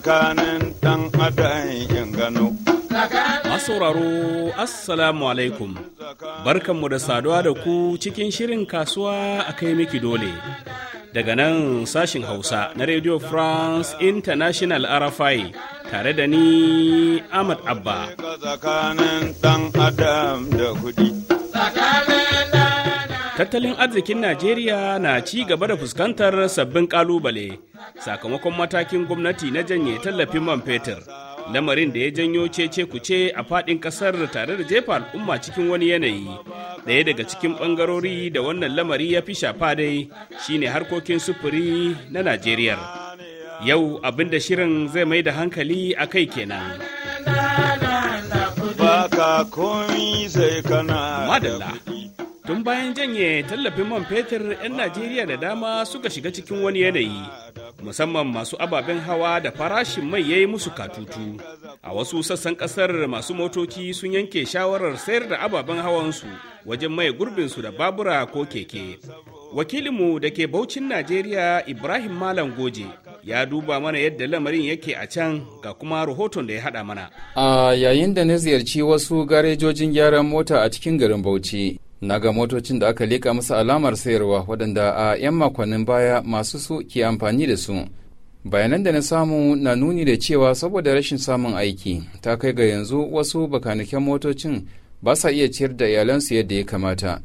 tsakanin dan adam in Masauraro Assalamu alaikum, barkanmu da saduwa da ku cikin shirin kasuwa a kai miki dole. Daga nan sashin Hausa na Radio France International RFI tare da ni Ahmad Abba. Tsakanin dan adam da kudi tattalin arzikin najeriya na ci gaba da fuskantar sabbin kalubale sakamakon matakin gwamnati na janye tallafin man fetur lamarin da ya janyo cece kuce a fadin kasar tare da jefa al'umma cikin wani yanayi ɗaya daga cikin ɓangarori da wannan lamari ya fi shafa dai shine harkokin sufuri na najeriya yau abin da shirin zai mai da hankali a kai kenan madalla tun bayan janye tallafin man fetur 'yan najeriya da dama suka shiga cikin wani yanayi musamman masu ababen hawa da farashin mai ya yi musu katutu a wasu sassan kasar masu motoci sun yanke shawarar sayar da ababen hawansu wajen mai gurbinsu da babura ko keke wakilinmu da ke baucin najeriya ibrahim malam goje ya duba mana yadda lamarin yake a can ga kuma rahoton da ya haɗa mana a yayin da na ziyarci wasu garejojin gyaran mota a cikin garin bauchi na ga motocin da aka leƙa musu alamar sayarwa waɗanda a 'yan makonnin baya masu su ke amfani da su bayanan da na samu na nuni da cewa saboda rashin samun aiki ta kai ga yanzu wasu bakaniken motocin ba sa iya ciyar da iyalansu yadda ya kamata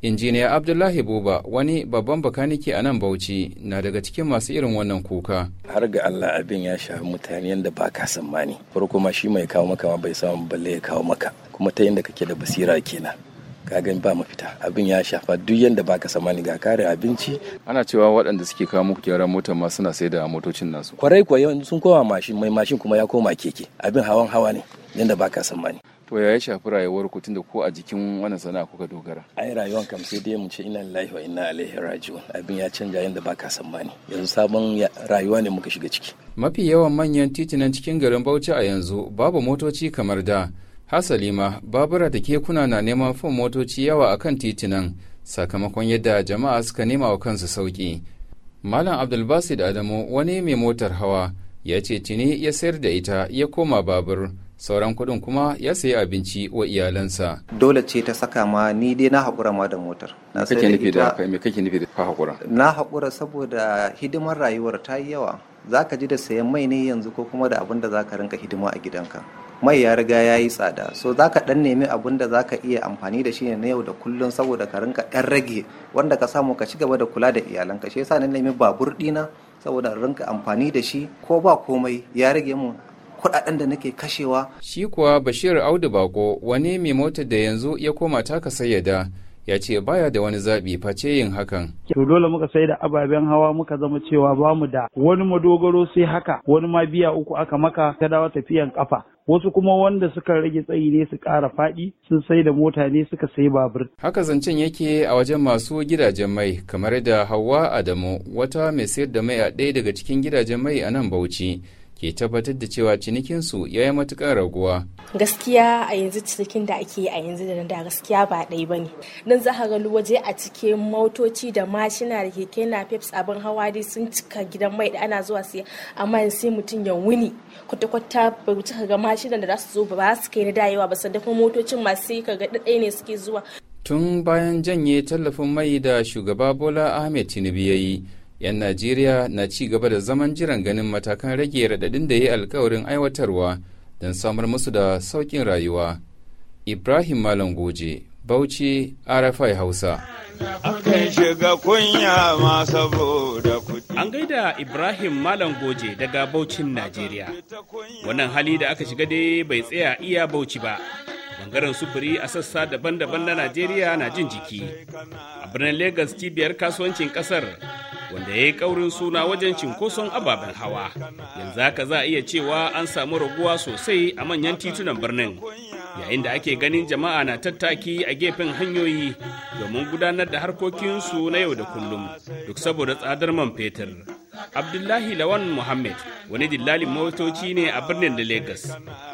injiniya abdullahi buba wani babban bakaniki a nan bauchi na daga cikin masu irin wannan kuka har ga allah abin ya sha mutane yadda ba ka tsammani farko ma shi mai kawo maka ma bai samu balle ya kawo maka kuma ta yadda kake da basira kenan ka gani ba mafita abin ya shafa duk yanda ka samani ga kare abinci ana cewa waɗanda suke kawo muku gyaran mota ma suna sai da motocin nasu kwarai kuwa sun koma mashin mai mashin kuma ya koma keke abin hawan hawa ne yanda ka samani to ya shafi rayuwar ku tunda ko a jikin wannan sana'a kuka dogara ai rayuwar kam sai dai mu ce ina lillahi wa inna ilaihi raji'un abin ya canja yanda ka samani yanzu sabon rayuwa ne muka shiga ciki mafi yawan manyan titunan cikin garin Bauchi a yanzu babu motoci kamar da hasali ma babura da kekuna na neman fin motoci yawa a kan titunan sakamakon yadda jama'a suka nema wa kansu sauƙi malam abdulbasid adamu wani mai motar hawa ya ce tuni ya sayar da ita ya koma babur sauran kuɗin kuma ya sayi abinci wa iyalansa. Dole ce ta saka ma ni dai na haƙura ma da motar. kake nufi da me haƙura? Na haƙura saboda hidimar rayuwar ta yi yawa. Za ka ji da sayan mai ne yanzu ko kuma da abin da za ka rinka hidima a gidanka. mai ya riga ya yi tsada so za ka dan nemi abin da za ka iya amfani da shi ne na yau da kullum saboda ka rinka ɗan rage wanda ka samu ka ci gaba da kula da iyalanka shi yasa na nemi babur ɗina saboda rinka amfani da shi ko ba komai ya rage mu kuɗaɗen da nake kashewa. Shi kuwa Bashir Audu Bako wani mai motar da yanzu ya koma taka sayyada ya ce baya da wani zaɓi face yin hakan. To dole muka sai da ababen hawa muka zama cewa bamu da wani madogaro sai haka wani ma biya uku aka maka ta dawo tafiyan kafa. wasu kuma wanda suka rage tsayi ne su ƙara faɗi sun sai da mota ne suka sai babur. Haka zancen yake a wajen masu gidajen mai kamar da Hauwa Adamu wata mai sayar da mai a ɗaya daga cikin gidajen mai a nan Bauchi. ke tabbatar da cewa cinikinsu ya yi matuƙar raguwa. Gaskiya a yanzu cinikin da ake yi a yanzu da da gaskiya ba ɗai ba ne. Nan za ka waje a cikin motoci da mashina da keke na peps abin hawa dai sun cika gidan mai da ana zuwa sai amma sai mutum ya wuni kwata-kwata ba wuce ka ga mashinan da za su zo ba su kai na dayewa ba sanda kuma motocin masu ka ga ɗaɗɗai ne suke zuwa. Tun bayan janye tallafin mai da shugaba Bola Ahmed Tinubu ya yi, 'yan najeriya na ci gaba da zaman jiran ganin matakan rage raɗaɗin da ya yi alkawarin aiwatarwa don samar musu da sauƙin rayuwa ibrahim malam goje bauchi rfi hausa An gaida Ibrahim Malam Goje daga Baucin Najeriya. Wannan hali da aka shiga dai bai tsaya iya Bauchi ba. Bangaren sufuri a sassa daban-daban na Najeriya na jin jiki. A birnin Legas cibiyar kasuwancin ƙasar wanda ya yi ƙaurin suna wajen cinkoson ababen hawa yanzu haka za a iya cewa an samu raguwa sosai a manyan titunan birnin yayin da ake ganin jama'a na tattaki a gefen hanyoyi domin gudanar da harkokinsu na yau da kullum duk saboda tsadar man fetur abdullahi lawan muhammad wani dillalin motoci ne a birnin da lagos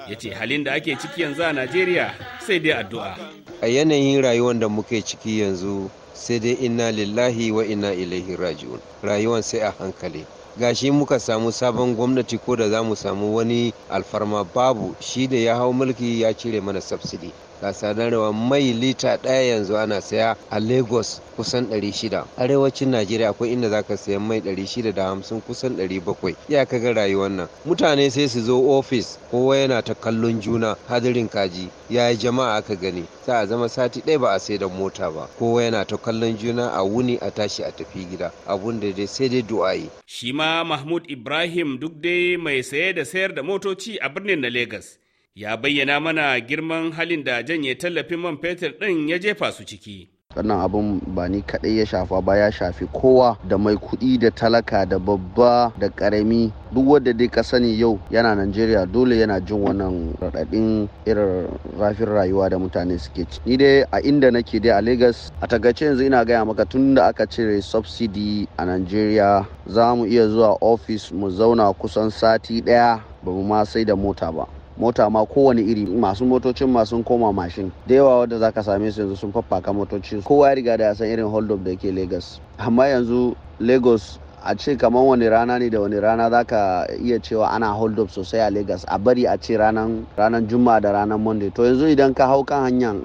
ya ce halin da ake ciki yanzu a najeriya sai dai addu'a a yanayin rayuwar da muke ciki yanzu sai dai inna lillahi wa inna ilaihi raji'un rayuwar sai a hankali gashi muka samu sabon gwamnati ko da za mu samu wani alfarma babu shi da ya hau mulki ya cire mana subsidy ga sadarwa mai lita ɗaya yanzu ana saya a lagos kusan 600 arewacin najeriya akwai inda zaka sayan mai 650 kusan 700 ya kaga rayuwar nan mutane sai su zo ofis kowa yana ta kallon juna hadirin kaji ya yi jama'a aka gani za a zama sati ɗaya ba a sai da mota ba kowa yana ta kallon juna a wuni a tashi a tafi gida abun da dai sai dai du'a shi ma mahmud ibrahim duk dai mai saye da sayar da motoci a birnin na Legas. ya bayyana mana girman halin da janye tallafin man fetur ɗin ya jefa su ciki. wannan abun ba ni kaɗai ya shafa ba ya shafi kowa da mai kuɗi da talaka da babba da karami duk wanda dai ka sani yau yana najeriya dole yana jin wannan raɗaɗin irin rafin rayuwa da mutane suke ci ni dai a inda nake dai a lagos a tagace yanzu ina gaya maka tun da aka cire subsidy a najeriya za mu iya zuwa ofis mu zauna kusan sati ɗaya ba mu ma sai da mota ba mota ma kowane iri masu motocin ma koma mashin da yawa wadda za ka same su yanzu sun faffaka motoci kowa ya riga da ya san irin hold up da ke lagos amma yanzu lagos a ce kamar wani rana ne da wani rana za ka iya cewa ana hold up sosai a lagos a bari a ce ranar juma'a da ranar monday to yanzu idan ka hau kan hanyar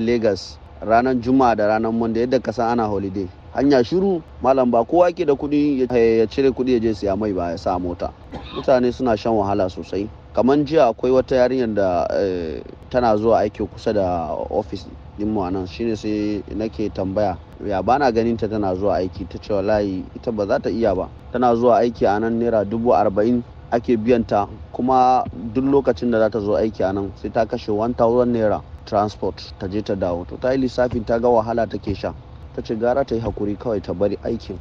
lagos ranar juma'a da ranar monday yadda ka san ana holiday hanya shiru malam ba kowa ke da kuɗi ya cire kuɗi ya je siya mai ba ya sa mota mutane suna shan wahala sosai kamar jiya akwai wata yarinyar da eh, tana zuwa aiki kusa da ofis dinmu a nan shine sai nake tambaya ya bana ganin ta tana zuwa aiki ta ce wallahi ita ba za ta iya ba tana zuwa aiki a nan naira dubu arba'in ake biyan ta kuma duk lokacin da za ta zo aiki a nan sai ta kashe 1000 naira transport ta je ta dawo to ta yi lissafin ta ga wahala take sha ta ce gara ta yi hakuri kawai ta bari aikin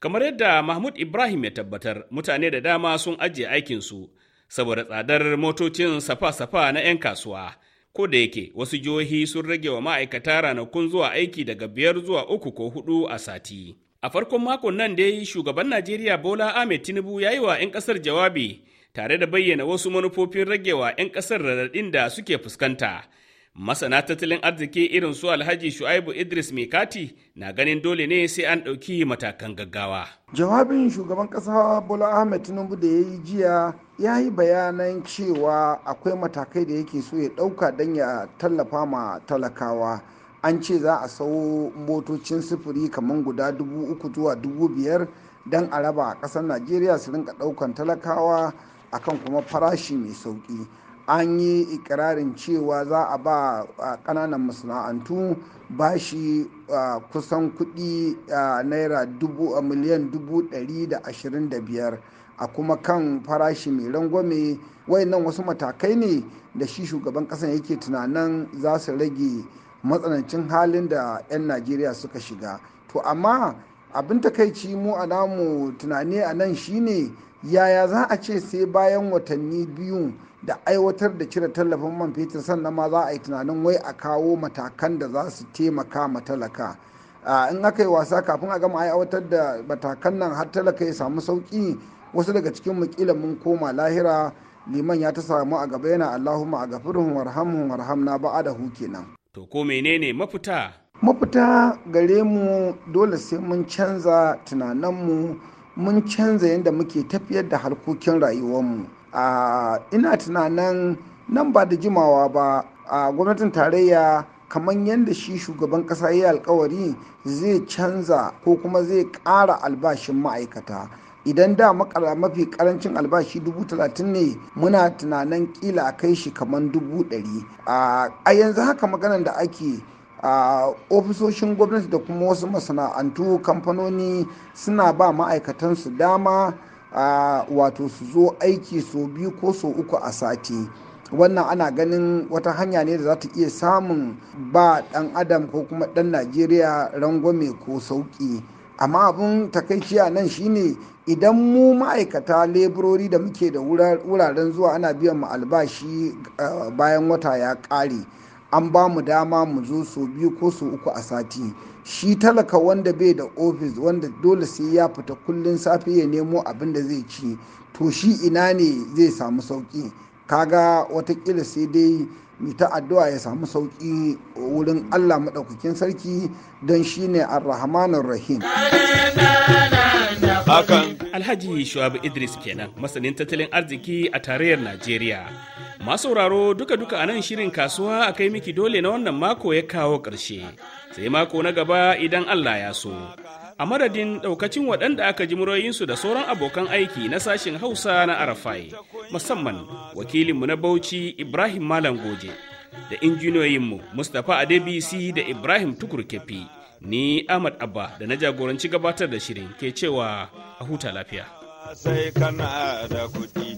kamar yadda mahmud ibrahim ya tabbatar mutane da dama sun ajiye aikinsu saboda tsadar motocin safa-safa na 'yan kasuwa. Ko da yake wasu jihohi sun rage wa ma'aikata ranakun zuwa aiki daga biyar zuwa uku ko hudu a sati. A farkon makon nan da dai shugaban Najeriya Bola Ahmed Tinubu ya yi wa 'yan kasar jawabi tare da bayyana wasu manufofin ragewa 'yan kasar raɗaɗin da suke fuskanta. Masana tattalin arziki irin su Alhaji Shu'aibu Idris mai kati na ganin dole ne sai an ɗauki matakan gaggawa. Jawabin shugaban ƙasa Bola Ahmed Tinubu da ya yi jiya ya yi bayanan cewa akwai matakai da yake so ya ɗauka don ya tallafa ma talakawa. An ce za a sau motocin sufuri kamar guda dubu uku zuwa dubu biyar don a raba a ƙasar Najeriya su rinka ɗaukan talakawa akan kuma farashi mai sauƙi. an yi ikirarin cewa za a ba kananan masana'antu bashi kusan kudi naira miliyan dubu ɗari da ashirin da biyar a kuma kan farashi mai rangwame wayannan wasu matakai ne da shi shugaban ƙasan yake tunanin za su rage matsanancin halin da 'yan najeriya suka shiga to amma abin takaici mu a namu tunani a nan shine yaya za a ce sai bayan watanni biyu da aiwatar da cire tallafin man fetur sannan ma za a yi tunanin wai a kawo matakan da za su taimaka ma talaka in aka yi wasa kafin a gama aiwatar da matakan nan har talaka ya samu sauki wasu daga cikin mu mun koma lahira liman ya ta samu a gaba yana allahumma a gafirin warhamhum ba'adahu kenan to ko menene mafita mafita gare mu dole sai mun canza tunanin mu mun canza yadda muke tafiyar da harkokin rayuwar mu. ina tunanin nan ba da jimawa ba a gwamnatin tarayya kamar yadda shi shugaban kasa ya alkawari zai canza ko kuma zai ƙara albashin ma'aikata idan da makara mafi karancin albashi dubu talatin ne muna tunanin kila a kai shi kamar dubu ɗari a yanzu haka maganan da ake a ofisoshin gwamnati da kuma wasu masana'antu kamfanoni suna ba ma'aikatansu dama a wato su zo aiki so biyu ko so uku a sati wannan ana ganin wata hanya ne da za ta iya samun ba dan adam ko kuma dan najeriya rangwame ko sauki amma abin takaici a nan shine idan mu ma'aikata leburori da muke da wuraren zuwa ana biyan mu albashi eh, bayan wata ya kare. an ba mu dama mu zo so biyu ko so uku a sati shi talaka wanda bai da ofis wanda dole sai ya fita kullun safe ya nemo abin da zai ci to shi ina ne zai samu sauki kaga watakila sai dai mai ta addu'a ya samu sauƙi wurin allah maɗaukakin sarki don shi shine arrahmanir rahim alhaji shuabu idris kenan masanin tattalin arziki a tarayyar najeriya masu sauraro duka-duka a nan shirin kasuwa a kai miki dole na wannan mako ya kawo ƙarshe sai mako na gaba idan allah ya so a madadin daukacin waɗanda aka ji murayinsu da sauran abokan aiki na sashen hausa na arafai musamman wakilinmu na bauchi ibrahim malam goje da injiniyoyinmu mustapha adebisi da ibrahim tukur kefi ni ahmad abba da na jagoranci gabatar da shirin ke cewa a huta lafiya sai